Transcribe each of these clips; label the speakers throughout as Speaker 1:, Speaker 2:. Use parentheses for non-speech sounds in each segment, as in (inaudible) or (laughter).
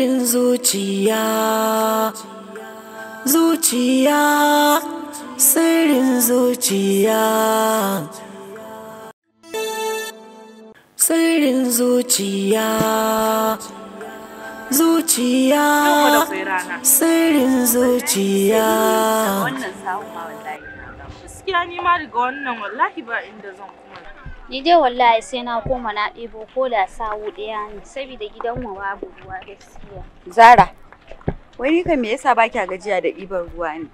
Speaker 1: sirrin zuciya zuciya sirrin zuciya sirrin zuciya zuciya sirrin zuciya gaskiya ni ma daga wannan wallahi ba inda zan kuma ni dai
Speaker 2: wallahi sai na koma na ɗebo ko da sawu ɗaya ne saboda gidanmu babu ruwa gaskiya zara wai ni kam me yasa ba kya gajiya da ɗiban ruwa ne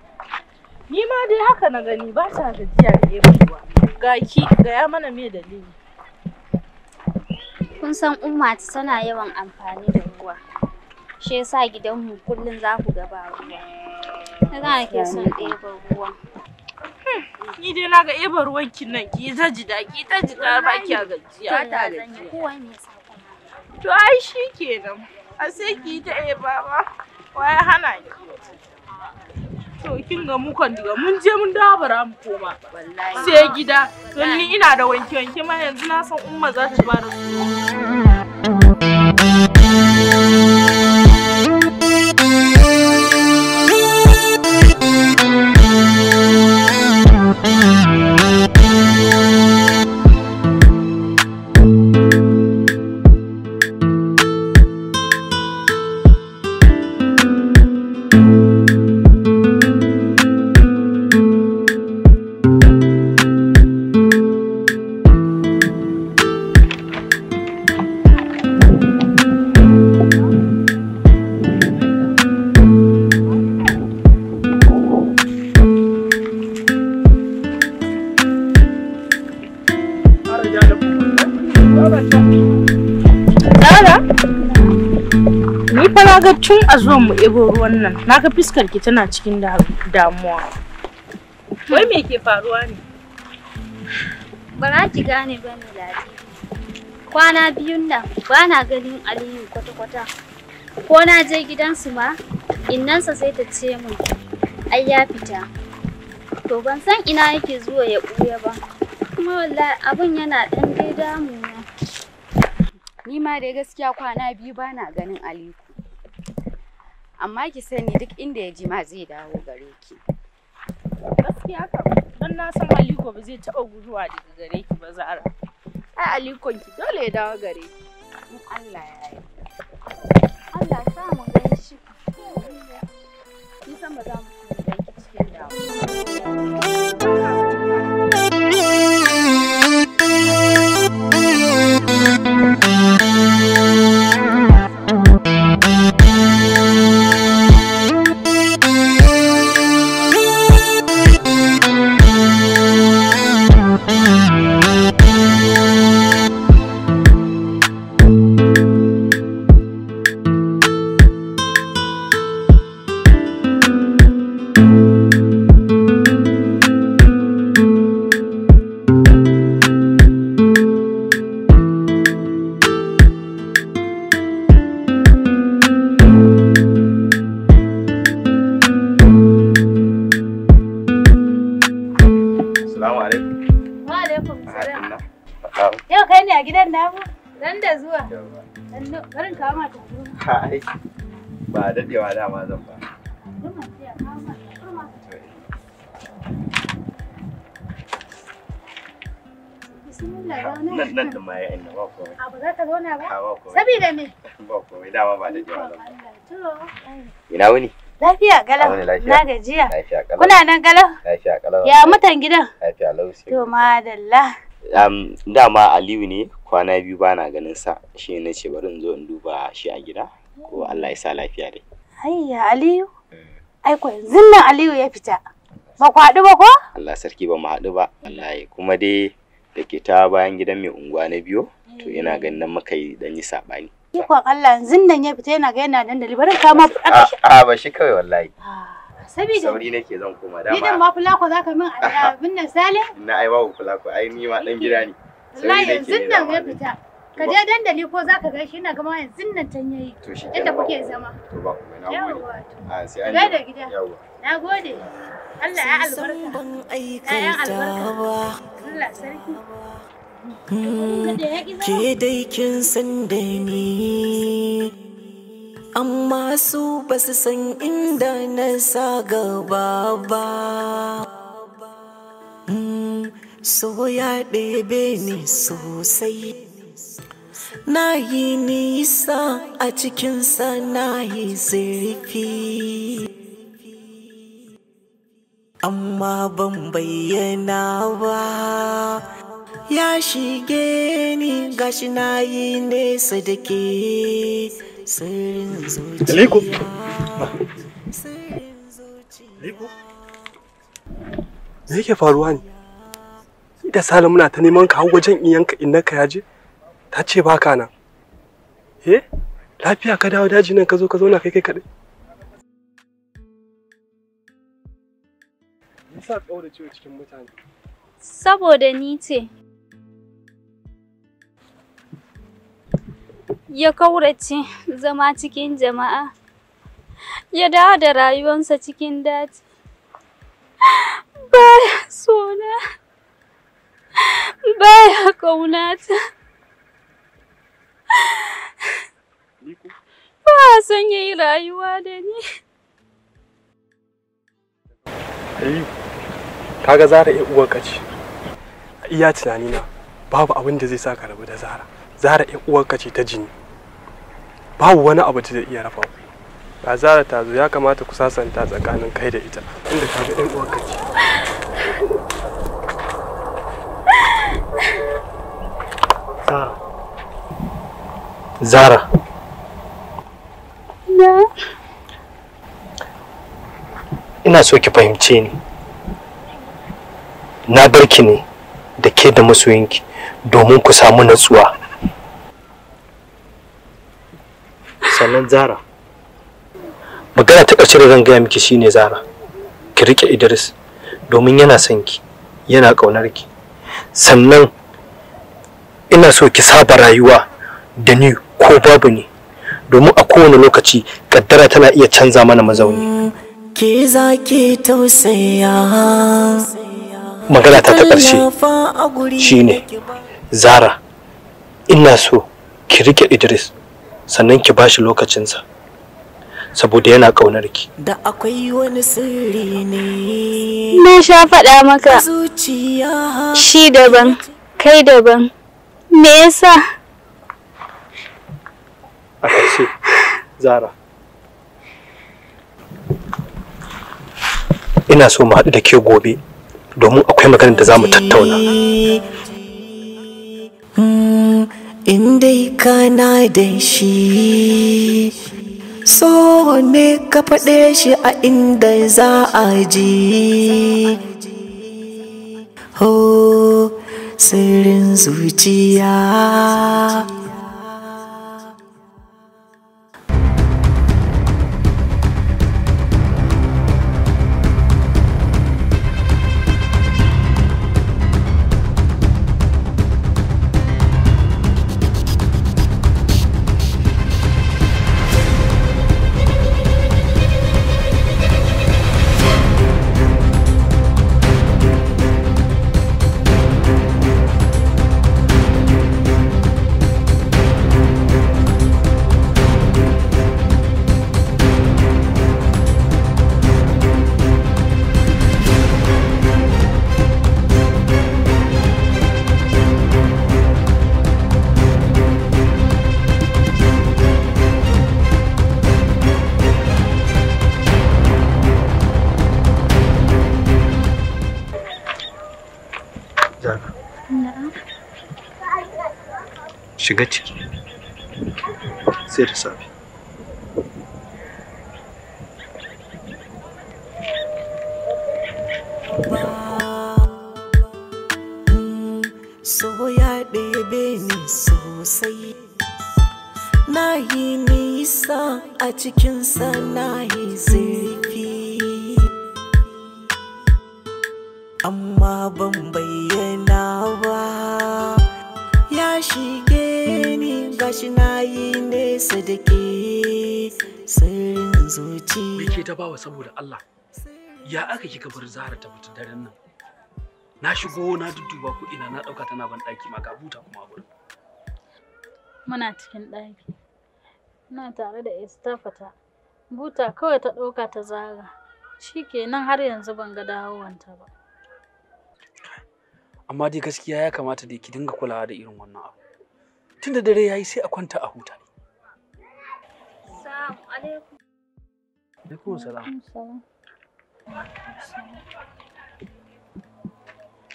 Speaker 1: ni ma dai haka na gani ba ta gajiya da ɗiban ruwa ga ki gaya mana me dalili
Speaker 2: kun san umma tana yawan amfani da ruwa shi yasa gidanmu kullum za ku ga ba ruwa ta ga ake son ɗiban ruwa
Speaker 1: Hmm, ni dai na ga eba ruwan kin nan ki ta da ki ta jida ba ki gajiya ta da ki. Kowa me yasa To ai shi kenan. A sai ki ta eba ba. Wai hana ki.
Speaker 2: To kin ga mu kan diga mun je mun dawo bara mu koma. Sai gida. To ni ina da wanke wanke ma yanzu na san umma za ta ba da
Speaker 1: su. kan mu ɗebo ruwan nan naga fuskar ki tana cikin damuwa
Speaker 2: wai me ke faruwa ne ba na ki gane ba ne ladi kwana biyun nan ba na ganin aliyu kwata-kwata ko na je gidansu ma innansa sai ta ce mu ai ya fita to ban san ina yake zuwa ya ɓuya ba kuma wallahi abun yana ɗan dai damu ni ma dai gaskiya kwana biyu ba na ganin aliyu amma ki sani duk inda ya ji ma zai dawo gare ki
Speaker 1: gaskiya ka don na san aliko ba zai taɓa guduwa daga gare ki ba zara ai alikon ki dole ya dawo gare ki in Allah ya yi Allah ya
Speaker 2: samu nan
Speaker 3: nan ma ya inda ba komai a
Speaker 2: ah, ba za ka zauna ba ba komai saboda me
Speaker 3: (laughs) ba komai dama ba da jawa ba ina wuni
Speaker 2: Lafiya galau. Na gajiya. Lafiya galau. Kuna nan galau?
Speaker 3: Lafiya galau. Ya mutan gidan? Lafiya lau
Speaker 2: To madalla.
Speaker 3: Um, dama Aliyu ne kwana biyu bana ganin sa shi ne ce bari in zo in duba shi a gida ko Allah ya sa lafiya dai.
Speaker 1: Hayya Aliyu. Eh. Ai ko yanzu nan Aliyu ya fita. Ba ku
Speaker 2: haɗu ba ko?
Speaker 3: Allah sarki ba mu haɗu ba. Allah ya kuma dai da ke ta bayan gidan mai unguwa na biyu to ina ganin nan muka yi dan yi sabani
Speaker 2: ikon Allah yanzu nan ya fita yana ga yana nan da libarin ma
Speaker 3: a ba shi kawai wallahi
Speaker 2: ah, sabida sauri
Speaker 3: nake zan koma dama idan ma
Speaker 2: fulako zaka min (laughs) abin nan sale
Speaker 3: na ai babu fulako ai ni ma dan gida ne
Speaker 2: wallahi yanzu nan ya fita ka je dandali ko zaka ga shi ina ga ma yanzu nan tan yayi inda kuke zama
Speaker 3: to ba mai na gode a ah, sai an da gida
Speaker 1: yawa na gode Allah ya albarka ya albarka Allah dai kin san da ni amma su ba su san inda na sa gaba ba. Hmm, so ya ɗebe ni sosai. Na yi nisa a cikin na yi zurfi. amma ban bayyana ba ya shige ni gashi na yi nesa da ke sirrin zuciya
Speaker 4: me yake faruwa ne da sala muna ta neman ka wajen iyanka inda ka yaje? ta ce baka na eh lafiya ka dawo daji nan ka zo ka zauna kai kai kaɗai
Speaker 2: Saboda ni ce. Ya ƙaurace zama cikin jama'a. Ya dawo da rayuwarsa cikin daji. Baya sona. Baya ƙaunata. Ba a son ya yi rayuwa da ni.
Speaker 4: Aliyu, kaga Zara ya uwar kaci. Iya tunani na babu abin da zai sa rabu da Zara. Zara ya uwar kaci ta jini. Babu wani abu da zai iya rafa ku. Zara ta zo ya kamata ku sasanta tsakanin kai da ita. Inda kaga ɗan uwar kaci. Zara. Zara. ina so ki fahimce ni na bar ki ne da ke da masoyinki domin ku samu natsuwa sannan zara magana ta ƙarshe da zan gaya miki shine zara ki rike idris domin yana son ki yana ƙaunar ki sannan ina so ki saba rayuwa da ni ko babu ni domin a kowane lokaci kaddara tana iya canza mana mazauni
Speaker 1: ke za ke tausaya
Speaker 4: magana ta ta ƙarshe shine zara ina so ki rike idris sannan ki bashi lokacinsa saboda yana ƙaunar ki
Speaker 1: da akwai wani sirri ne na sha faɗa maka shi
Speaker 2: daban kai daban me
Speaker 1: yasa
Speaker 4: a ƙarshe zara ina so mu haɗu da ke gobe domin akwai maganar da za mu tattauna
Speaker 1: mm, in dai kana da shi so ne ka faɗe shi a inda za a ji ho sirrin zuciya
Speaker 4: shiga ciki sai da safe so
Speaker 1: ɗebe ni sosai na yi nisa a cikinsa na yi zurfi amma ban bayyana ba ya shiga gashi na yi nesa da ke sirrin zuci. Me ta bawa saboda Allah? Ya aka kika bar Zahra ta fita
Speaker 2: daren nan? Na shigo na dudduba ku ina na ɗauka tana ban ɗaki ma ga buta kuma gurin.
Speaker 1: Muna cikin ɗaki. Muna tare da Estafata. Buta kawai ta ɗauka ta Zahra. Shi kenan har yanzu ban ga dawowanta ba.
Speaker 2: Amma dai gaskiya ya kamata dai ki dinga kulawa da irin wannan abu. tun da dare yayi sai a kwanta a huta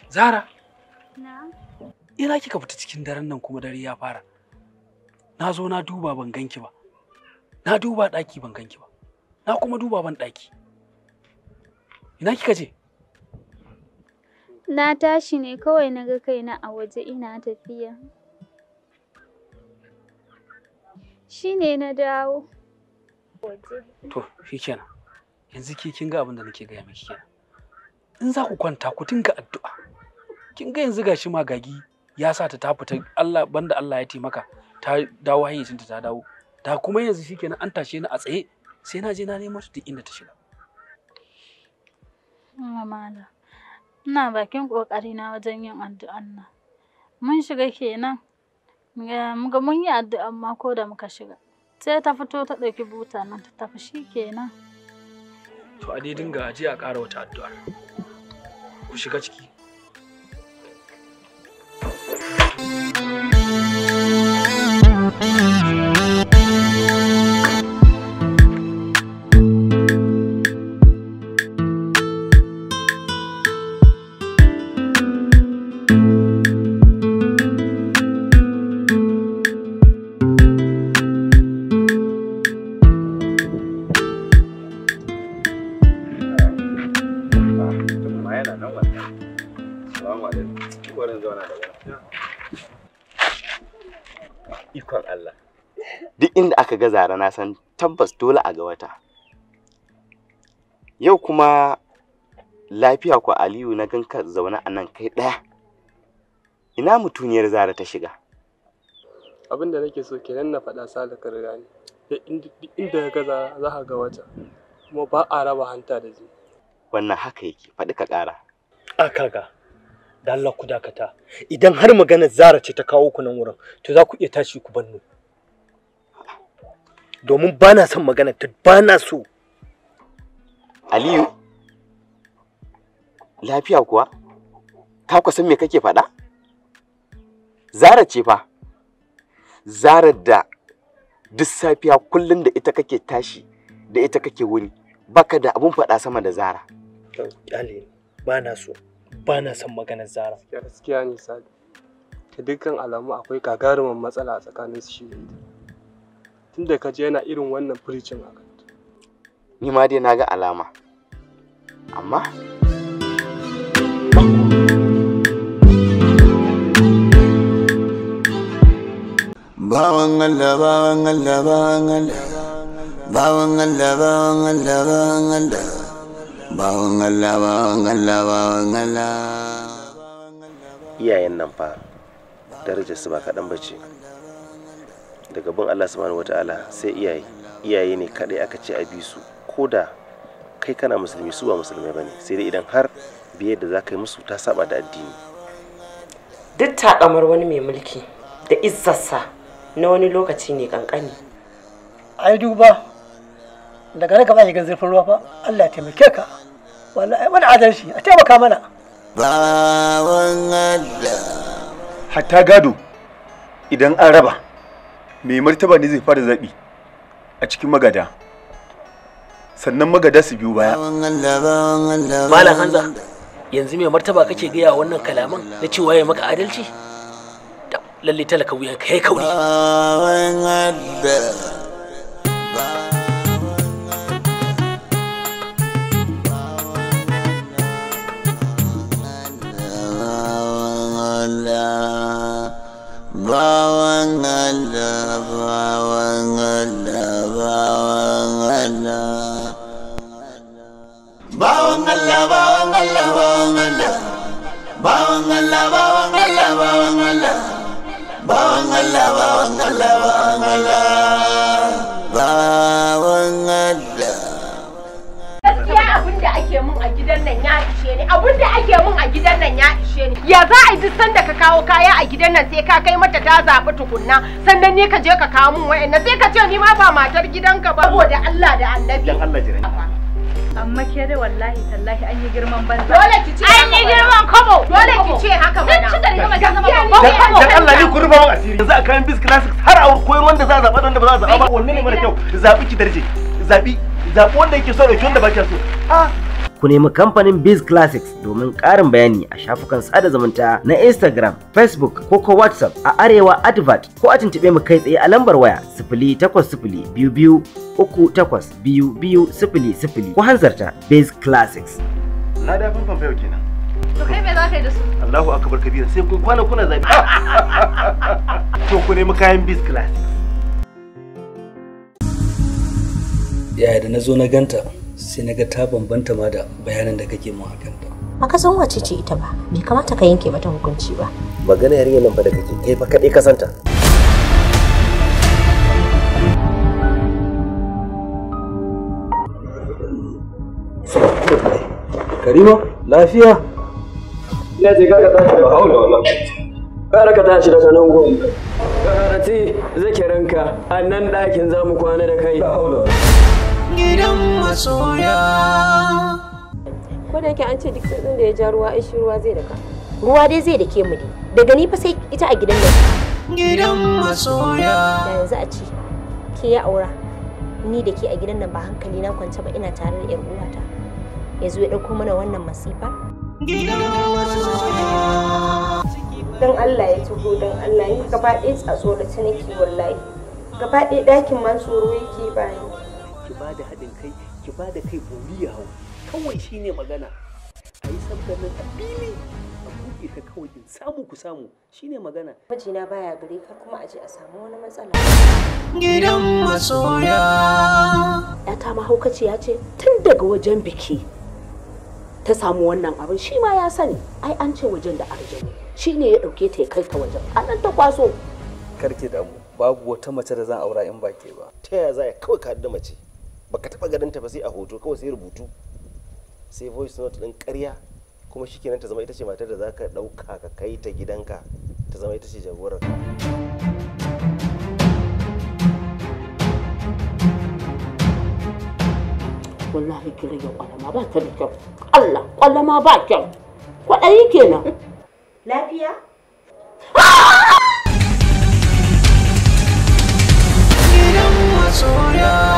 Speaker 2: Zara. Ina kika fita cikin daren nan kuma dare ya fara. Na zo na duba ban ganki ba. Na duba ɗaki ban ganki ba. Na kuma duba ban ɗaki. Ina kika je? Na tashi ne kawai na ga kaina a waje ina tafiya. Shi ne na dawo. To, shi kenan. Yanzu ki kin ga abin da nake gaya miki kenan. In za ku kwanta ku dinga addu'a. Kin ga yanzu gashi gagi ya sa ta ta Allah banda Allah ya taimaka ta dawo hayyacinta ta dawo. Da kuma yanzu shi kenan an tashe ni a tsaye sai na je na nemo ta duk inda ta shiga.
Speaker 1: Ina bakin na wajen yin addu'an nan. Mun shiga kenan. mun yi addu'an ma ko da muka shiga sai ta fito ta ɗauki buta nan ta tafi shi kenan
Speaker 4: to a dai dinga aje a ƙara wata addu'a ku shiga ciki
Speaker 3: aka ga zara na san tabbas dole a ga wata yau kuma lafiya ku aliyu na ganka zaune a nan kai ɗaya ina mutuniyar zara ta shiga
Speaker 4: abin da nake so kenan na faɗa sada ka riga ne, inda ka ga za ka ga wata kuma ba a raba hanta da zai
Speaker 3: wannan haka yake faɗi ka ƙara
Speaker 4: a kaga da Allah ku dakata
Speaker 3: idan har maganar zara ce ta kawo ku nan wurin
Speaker 4: to za ku iya tashi ku bannu domin ba na son magana ta
Speaker 3: ba na so aliyu lafiya kuwa ka kusan me kake faɗa zara ce fa zarar da duk safiya kullum da ita kake tashi da ita kake wuni baka da abun faɗa sama da zara
Speaker 4: kyale ba na so ba na son maganar zara gaskiya ne sadi ta dukkan alamu akwai gagarumin matsala a tsakanin su shi tunda ka je yana irin wannan preaching haka
Speaker 3: ni ma dai na ga alama amma bawan Allah bawan Allah bawan Allah bawan Allah bawan Allah bawan Allah bawan Allah bawan Allah bawan Allah iyayen nan fa daraja su ba kaɗan bace. daga bin Allah subhanahu wata'ala sai iyaye iyaye ne kadai aka ce a bi su ko da kai kana musulmi su ba musulmai ne sai dai idan har biyar da za ka yi musu ta saba da addini duk takamar wani mai mulki da izzarsa na wani lokaci ne ƙanƙani ai duba daga nan gaba shigan zurfin ruwa ba. Allah ya taimake ka wani adalci a taimaka mana bawan Allah hatta gado idan an raba mai martaba ne zai fara zaɓi a cikin magada
Speaker 1: sannan magada su biyu baya malam hanza
Speaker 2: yanzu mai martaba kake gaya wannan kalaman na cewa ya maka adalci lalle talaka wuyan kai kauri
Speaker 1: bawan Allah bawan Allah bawan Allah bawan Allah bawan Allah bawan Allah gaskiya abinda ake mun a gidan nan ya ishe ni abun da
Speaker 3: ake mun a gidan nan ya ishe ni ya za a duk sanda ka kawo kaya a gidan nan sai ka kai mata ta zaɓi tukunna sannan ne ka je ka kawo mun wa'annan sai ka ce ni ma ba matar gidanka ba saboda Allah da annabi dan Allah jira amma ke dai wallahi tallahi an yi girman banza dole ki ce
Speaker 2: an yi girman kobo dole ki
Speaker 1: ce haka mana dan cika rigama ta zama babban
Speaker 3: dan Allah ku mun asiri yanzu a kan bis classics har a koyar wanda za a zaɓa wanda ba za a zaɓa ba wanne ne mara kyau zaɓi ki darje zaɓi zaɓi wanda yake so da wanda ba kya so ah ku nemi kamfanin Biz Classics domin ƙarin bayani a shafukan sada zumunta na Instagram, Facebook ko ko WhatsApp a Arewa Advert ko a tuntuɓe mu kai tsaye a lambar waya sifili takwas sifili biyu ko hanzarta Biz Classics. Na da fanfan fayo kenan.
Speaker 2: To kai me za ka yi da su?
Speaker 3: Allahu akbar kabira sai kun kwana kuna zabi. (laughs) To ku nemi kayan Biz Classics.
Speaker 4: Yaya da na zo na ganta. sai na ga ta bambanta ma da bayanan da kake mu hakan
Speaker 1: ta ka san wace ce ita ba bai kamata ka yanke mata hukunci ba
Speaker 3: magana yarinya nan ba da kake kai eh, fa kadai ka santa
Speaker 2: Karima, lafiya? Ina ce kaka tashi ba haula wannan. Kara ka tashi daga nan gwamnati. Garanti zikirinka, a nan ɗakin za mu kwana da kai.
Speaker 1: Gidan masoya ko da yake an ce duk tsirrin da ya ja
Speaker 2: ruwa ai shi ruwa zai da daka
Speaker 1: ruwa dai zai dake mu ne daga ni fa sai ita a gidan nan
Speaker 2: gidan masoya da
Speaker 1: yanzu a ce ke ya
Speaker 2: aura ni da ke a gidan nan
Speaker 3: ba hankali na kwance ba ina tare da yar uwata ya zo ya dauko mana wannan masifa gidan masoya dan Allah ya tugo dan Allah ni gaba ɗaya tsatso da ciniki wallahi gaba ɗaya ɗakin man tsoro yake bani ki ba
Speaker 2: da haɗin kai ki ba da kai buri ya hau kawai shine magana a yi sabgar nan a fili a buɗe ta kawai in samu ku samu shine magana Majina baya gare
Speaker 3: kar
Speaker 1: kuma a je a samu wani matsala gidan masoya yata mahaukaci ya ce tun daga wajen biki ta samu wannan abin shi ma ya sani ai an ce wajen da arjini shi ne ya ɗauke ta ya kai ta wajen a nan ta kwaso
Speaker 3: karki damu babu wata mace da zan aura in ba ke ba ta yaya za ya kawai ka da mace baka taba ganin ta ba sai a hoto kawai sai rubutu sai voice note din ƙarya kuma shikenan ta zama ita ce matar da zaka dauka ka kai ta gidanka ta zama ita ce jagorar ka
Speaker 1: wallahi ki rage kwalama ba ta da kyau Allah kwalama ba kyau kwaɗayi kenan lafiya ah! Soya